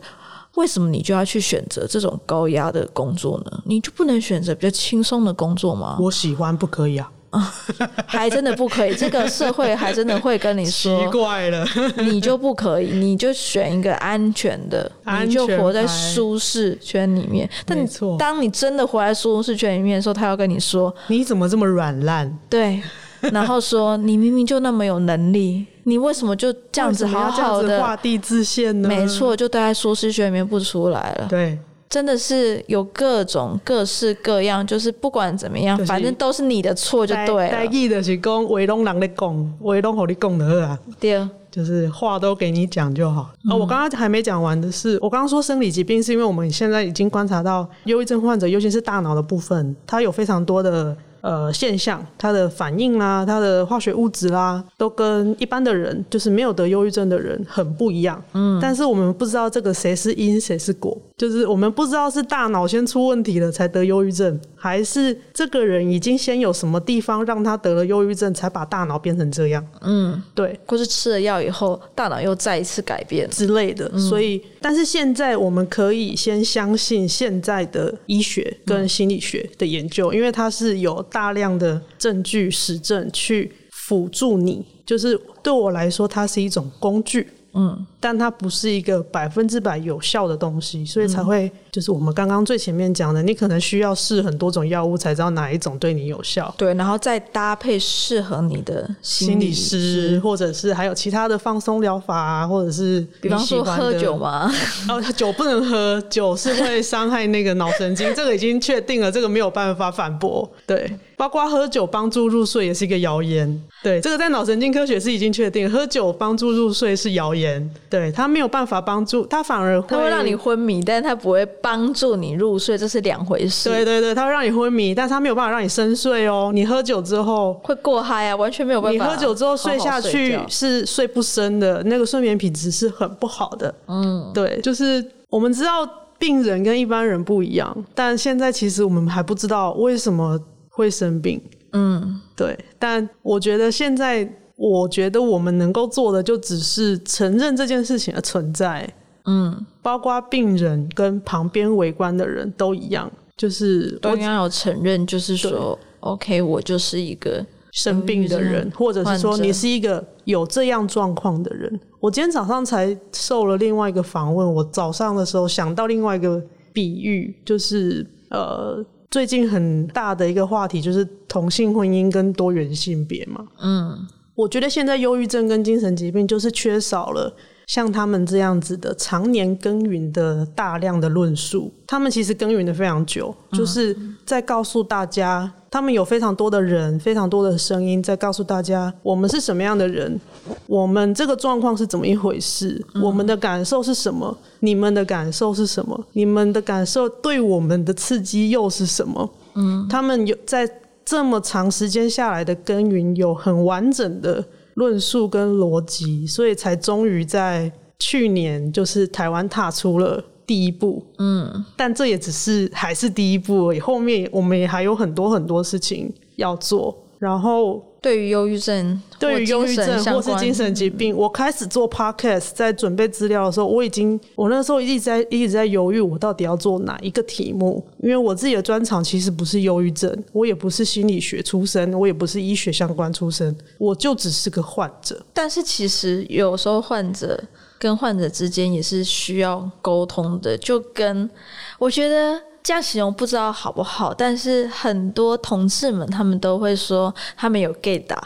為什麼你就要去選擇這種高壓的工作呢？你就不能選擇比較輕鬆的工作嗎？我喜歡，不可以啊。 還真的不可以。這個社會還真的會跟你說，奇怪了，你就不可以，你就選一個安全的，你就活在舒適圈裡面。但你當你真的活在舒適圈裡面的時候，他要跟你說，你怎麼這麼軟爛？對，然後說你明明就那麼有能力，你為什麼就這樣子好好的畫地自限呢？沒錯，就待在舒適圈裡面不出來了。對。真的是有各種各式各樣，就是不管怎麼樣，就是、反正都是你的錯就對了。代誌就是講，話攏人咧講，話攏好咧講的啊。對，就是話都給你講就好。啊、嗯哦，我剛剛還沒講完的是，我剛剛說生理疾病，是因為我們現在已經觀察到，憂鬱症患者，尤其是大腦的部分，它有非常多的。呃，現象它的反應啦、啊，它的化學物質啦、啊，都跟一般的人，就是沒有得憂鬱症的人很不一樣。嗯。但是我們不知道這個誰是因誰是果，就是我們不知道是大腦先出問題了才得憂鬱症，還是這個人已經先有什麼地方讓他得了憂鬱症，才把大腦變成這樣。嗯，對。或是吃了藥以後，大腦又再一次改變之類的、嗯。所以，但是現在我們可以先相信現在的醫學跟心理學的研究，嗯、因為它是有。大量的證據實證去輔助你，就是對我來說，它是一種工具。嗯。但它不是一個百分之百有效的東西，所以才會、嗯、就是我們剛剛最前面講的，你可能需要試很多種藥物才知道哪一種對你有效。對，然後再搭配適合你的心理師、心理師、嗯，或者是還有其他的放鬆療法、啊，或者是你喜歡比方說喝酒嗎？哦、呃，酒不能喝，酒是會傷害那個腦神經， 這個已經確定了，這個沒有辦法反駁。對，包括喝酒幫助入睡也是一個謠言。對，這個在腦神經科學是已經確定，喝酒幫助入睡是謠言。對他沒有辦法幫助，他反而會他會讓你昏迷，但他不會幫助你入睡，這是兩回事。對對對，他會讓你昏迷，但是他沒有辦法讓你深睡哦。你喝酒之後會過嗨啊，完全沒有辦法好好。你喝酒之後睡下去是睡不深的，那個睡眠品質是很不好的。嗯，對，就是我們知道病人跟一般人不一樣，但現在其實我們還不知道為什麼會生病。嗯，對，但我覺得現在。我覺得我們能夠做的，就只是承認這件事情的存在。嗯，包括病人跟旁邊圍觀的人都一樣，就是都要承認，就是說，OK，我就是一個生病的人，或者是說你是一個有這樣狀況的人。我今天早上才受了另外一個訪問，我早上的時候想到另外一個比喻，就是呃，最近很大的一個話題就是同性婚姻跟多元性別嘛，嗯。我覺得現在憂鬱症跟精神疾病就是缺少了像他們這樣子的常年耕耘的大量的論述。他們其實耕耘的非常久，嗯、就是在告訴大家，他們有非常多的人，非常多的聲音在告訴大家，我們是什麼樣的人，我們這個狀況是怎麼一回事，嗯，我們的感受是什麼，你們的感受是什麼，你們的感受對我們的刺激又是什麼？嗯，他們有在。這麼長時間下來的耕耘，有很完整的論述跟邏輯，所以才終於在去年，就是台灣踏出了第一步。嗯，但這也只是還是第一步而已，後面我們也還有很多很多事情要做。然後。對於憂鬱症，對於憂鬱症或是精神疾病，我開始做 podcast，在準備資料的時候，我已經，我那時候一直在一直在猶豫，我到底要做哪一個題目，因為我自己的專長其實不是憂鬱症，我也不是心理學出身，我也不是醫學相關出身，我就只是個患者。但是其實有時候患者跟患者之間也是需要溝通的，就跟我覺得。這樣形容不知道好不好，但是很多同志們他們都會說他們有 gaydar，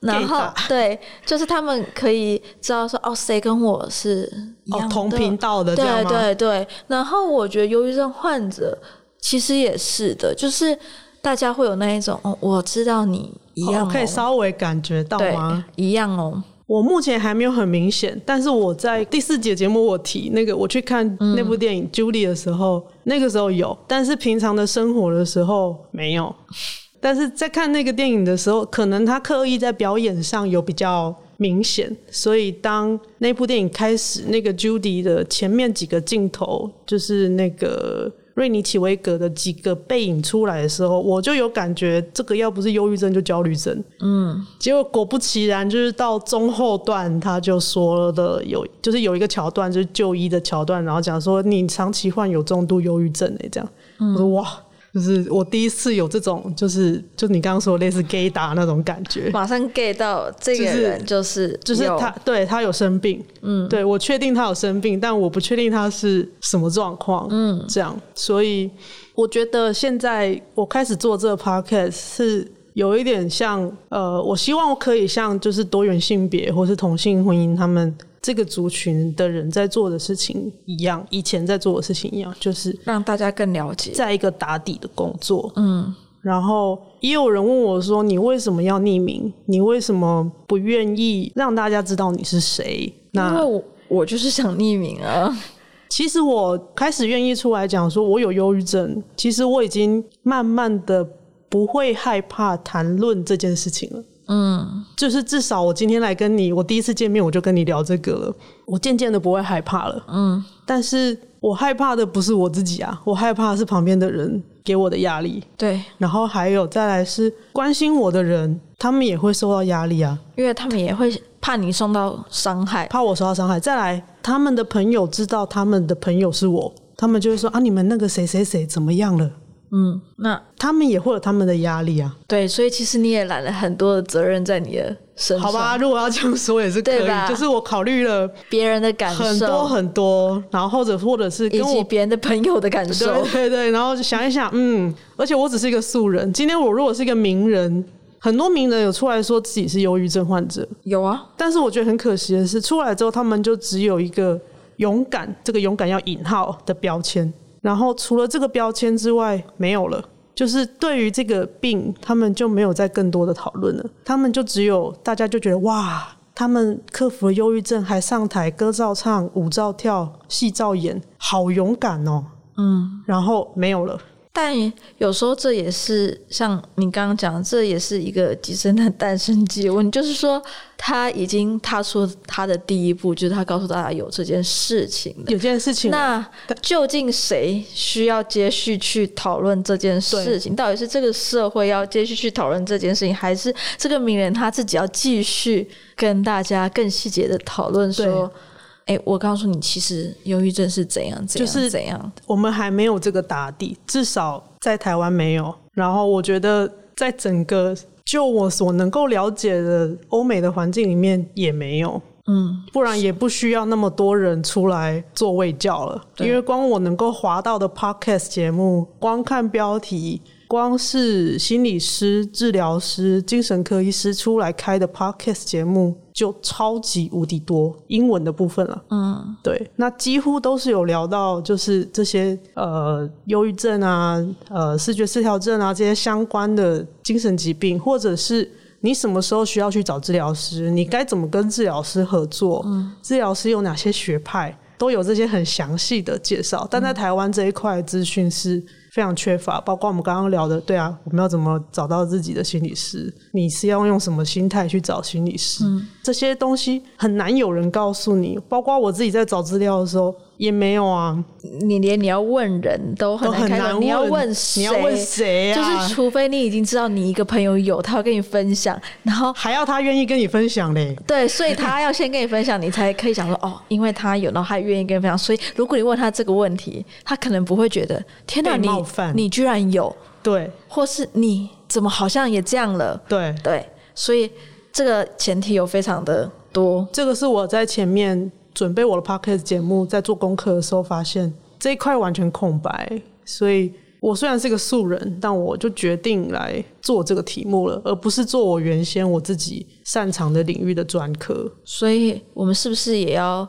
然後對，就是他們可以知道說哦，誰跟我是、哦、同頻道的，對對對。然後我覺得憂鬱症患者其實也是的，就是大家會有那一種哦，我知道你一樣、哦哦，可以稍微感覺到嗎？對？一樣哦，我目前還沒有很明顯，但是我在第四節節目我提那個我去看那部電影 Judy 的時候。嗯那個時候有，但是平常的生活的時候沒有，但是在看那個電影的時候，可能他刻意在表演上有比較明顯，所以當那部電影開始，那個 Judy 的前面幾個鏡頭就是那個。瑞尼奇維格的幾個背影出來的時候，我就有感覺，這個要不是憂鬱症就焦慮症。嗯，結果果不其然，就是到中後段，他就說了的有，就是有一個橋段，就是就醫的橋段，然後講說你長期患有重度憂鬱症，欸，這樣。嗯，我說哇。就是我第一次有這種、就是，就是就你剛剛說類似 gay 打那種感覺， 馬上 gay 到這個人就是、就是，就是就是他對他有生病，嗯，對，我確定他有生病，但我不確定他是什麼狀況，嗯，這樣，所以我覺得現在我開始做這個 podcast 是有一點像，呃，我希望我可以像就是多元性別或是同性婚姻他們。這個族群的人在做的事情一樣，以前在做的事情一樣，就是讓大家更了解，在一個打底的工作。嗯，然後也有人問我說：“你為什麼要匿名？你為什麼不願意讓大家知道你是誰？”那因為我我就是想匿名啊。其實我開始願意出來講，說我有憂鬱症。其實我已經慢慢的不會害怕談論這件事情了。嗯，就是至少我今天來跟你，我第一次見面我就跟你聊這個了，我漸漸的不會害怕了。嗯，但是我害怕的不是我自己啊，我害怕是旁邊的人給我的壓力。對，然後還有再來是關心我的人，他們也會受到壓力啊，因為他們也會怕你受到傷害，怕我受到傷害。再來，他們的朋友知道他們的朋友是我，他們就會說，啊，你們那個誰誰誰怎麼樣了。嗯，那他們也會有他們的壓力啊。對，所以其實你也攬了很多的責任在你的身上。好吧，如果要這樣說也是可以，就是我考慮了別人的感受很多很多，然後或者或者是跟我，以及別人的朋友的感受。對對對，然後想一想嗯，嗯，而且我只是一個素人。今天我如果是一個名人，很多名人有出來說自己是憂鬱症患者，有啊。但是我覺得很可惜的是，出來之後他們就只有一個勇敢，這個勇敢要引號的標籤。然後除了這個標籤之外，沒有了。就是對於這個病，他們就沒有再更多的討論了。他們就只有大家就覺得哇，他們克服了憂鬱症，還上台歌照唱、舞照跳、戲照演，好勇敢哦。嗯，然後沒有了。但有時候這也是像你剛剛講，這也是一個新生的誕生果問，就是說他已經踏出他的第一步，就是他告訴大家有這件事情，有件事情、啊。那究竟誰需要接續去討論這件事情？到底是這個社會要接續去討論這件事情，還是這個名人他自己要繼續跟大家更細節的討論說。哎、欸，我告訴你，其實憂鬱症是怎樣、怎樣、怎樣？就是我們還沒有這個打底，至少在台灣沒有。然後我覺得，在整個就我所能夠了解的歐美的環境裡面也沒有。嗯，不然也不需要那麼多人出來做衛教了。因為光我能夠滑到的 Podcast 節目，光看標題，光是心理師、治療師、精神科醫師出來開的 Podcast 節目。就超級無敵多英文的部分了，嗯，對，那幾乎都是有聊到，就是這些呃，憂鬱症啊，呃，思覺失調症啊，這些相關的精神疾病，或者是你什麼時候需要去找治療師，你該怎麼跟治療師合作，嗯、治療師有哪些學派，都有這些很詳細的介紹。但在台灣這一塊資訊是非常缺乏，嗯、包括我們剛剛聊的，對啊，我們要怎麼找到自己的心理師？你是要用什麼心態去找心理師？嗯這些東西很難有人告訴你，包括我自己在找資料的時候也沒有啊。你連你要問人都很難,都很難問，你要問誰，你要問誰啊？就是除非你已經知道你一個朋友有，他要跟你分享，然後還要他願意跟你分享嘞。對，所以他要先跟你分享，你才可以講說 哦，因為他有，然後他願意跟你分享。所以如果你問他這個問題，他可能不會覺得天哪，你你居然有對，或是你怎麼好像也這樣了？對對，所以。這個前提有非常的多，這個是我在前面準備我的 Podcast 節目，在做功課的時候發現這一塊完全空白，所以我雖然是個素人，但我就決定來做這個題目了，而不是做我原先我自己擅長的領域的專科。所以我們是不是也要？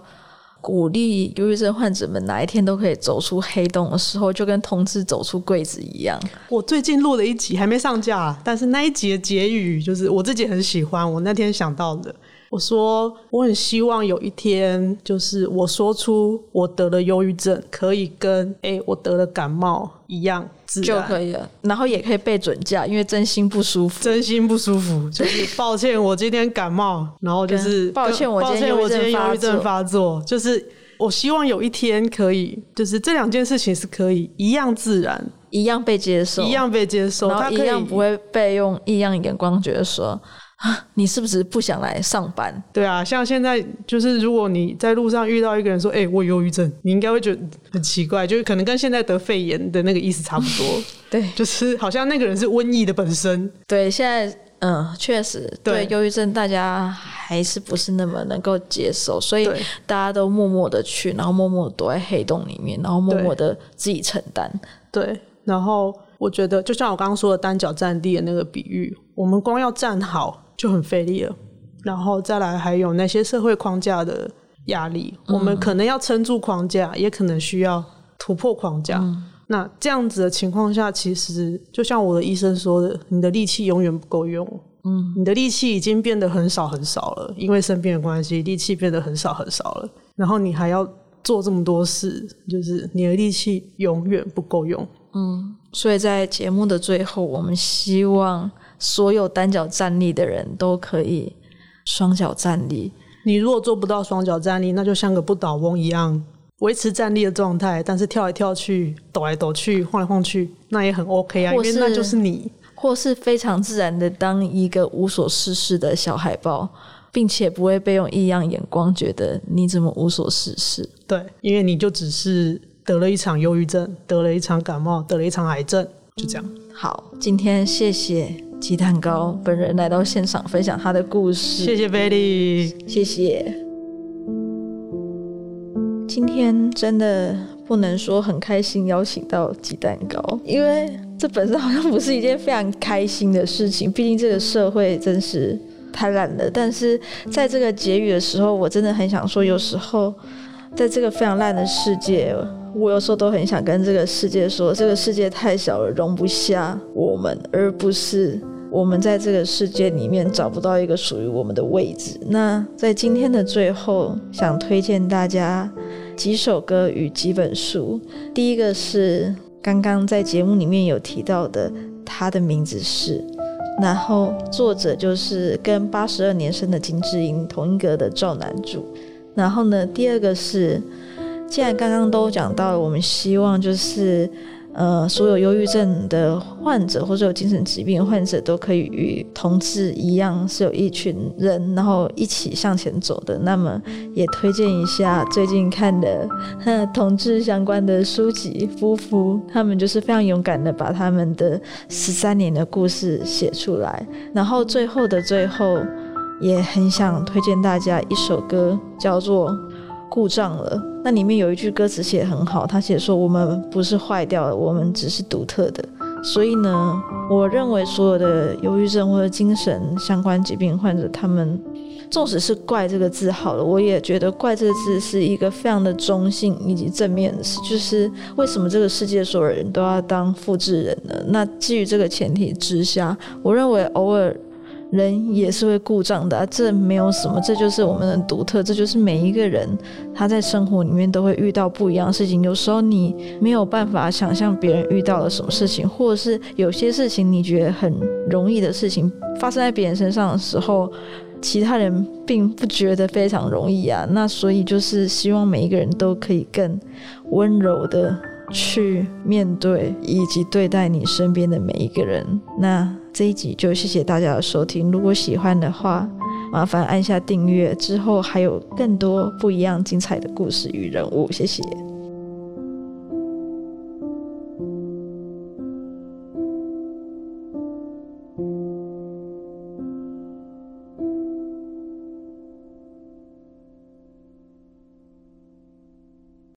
鼓勵憂鬱症患者們哪一天都可以走出黑洞的時候，就跟同志走出櫃子一樣。我最近錄了一集，還沒上架啊，但是那一集的結語就是我自己很喜歡，我那天想到的。我說我很希望有一天，就是我說出我得了憂鬱症，可以跟哎、欸、我得了感冒一樣自然就可以了，然後也可以被准假，因為真心不舒服，真心不舒服。就是抱歉，我今天感冒， 然後就是抱歉，我今天憂鬱，我今天憂鬱症發作。就是我希望有一天可以，就是這兩件事情是可以一樣自然，一樣被接受，一樣被接受，然後他可一樣不會被用異樣眼光覺得說。你是不是不想來上班？對啊，像現在就是，如果你在路上遇到一個人說：“哎、欸，我有憂鬱症。”，你應該會覺得很奇怪，就是可能跟現在得肺炎的那個意思差不多。對，就是好像那個人是瘟疫的本身。對，現在嗯，確實對憂鬱症大家還是不是那麼能夠接受，所以大家都默默的去，然後默默地躲在黑洞裡面，然後默默的自己承擔。對，然後我覺得就像我剛剛說的單腳站立的那個比喻，我們光要站好，就很費力了，然後再來還有那些社會框架的壓力、嗯，我們可能要撐住框架，也可能需要突破框架。嗯、那這樣子的情況下，其實就像我的醫生說的，你的力氣永遠不夠用。嗯，你的力氣已經變得很少很少了，因為生病的關係，力氣變得很少很少了。然後你還要做這麼多事，就是你的力氣永遠不夠用。嗯，所以在節目的最後，我們希望。所有單腳站立的人都可以雙腳站立。你如果做不到雙腳站立，那就像個不倒翁一樣維持站立的狀態，但是跳來跳去、抖來抖去、晃來晃去，那也很 OK 啊，因為那就是你。或是非常自然地當一個無所事事的小海豹，並且不會被用異樣眼光覺得你怎麼無所事事。對，因為你就只是得了一場憂鬱症，得了一場感冒，得了一場癌症，就這樣。嗯、好，今天謝謝。雞蛋糕本人來到現場分享他的故事。謝謝 Betty，謝謝。今天真的不能說很開心邀請到雞蛋糕，因為這本身好像不是一件非常開心的事情。畢竟這個社會真是太爛了。但是在這個結語的時候，我真的很想說，有時候。在這個非常爛的世界，我有時候都很想跟這個世界說：這個世界太小了，容不下我們，而不是我們在這個世界裡面找不到一個屬於我們的位置。那在今天的最後，想推薦大家幾首歌與幾本書。第一個是剛剛在節目裡面有提到的，他的名字是，然後作者就是跟八十二年生的金智英同一個的趙南柱。然後呢，第二個是，既然剛剛都講到了，我們希望就是，呃，所有憂鬱症的患者或者有精神疾病患者都可以與同志一樣，是有一群人，然後一起向前走的。那麼也推薦一下最近看的,的同志相關的書籍，夫婦他們就是非常勇敢的把他們的十三年的故事寫出來，然後最後的最後。也很想推薦大家一首歌，叫做《故障了》。那裡面有一句歌詞寫得很好，他寫說：“我們不是壞掉了，我們只是獨特的。”所以呢，我認為所有的憂鬱症或者精神相關疾病患者，他們縱使是“怪”這個字好了，我也覺得“怪”這個字是一個非常的中性以及正面的事。就是為什麼這個世界所有人都要當複製人呢？那基於這個前提之下，我認為偶爾，人也是會故障的啊，這沒有什麼，這就是我們的獨特，這就是每一個人，他在生活裡面都會遇到不一樣的事情。有時候你沒有辦法想象別人遇到了什麼事情，或者是有些事情你覺得很容易的事情發生在別人身上的時候，其他人並不覺得非常容易啊。那所以就是希望每一個人都可以更溫柔的。去面對以及對待你身邊的每一個人。那這一集就謝謝大家的收聽。如果喜歡的話，麻煩按下訂閱。之後還有更多不一樣精彩的故事與人物。謝謝。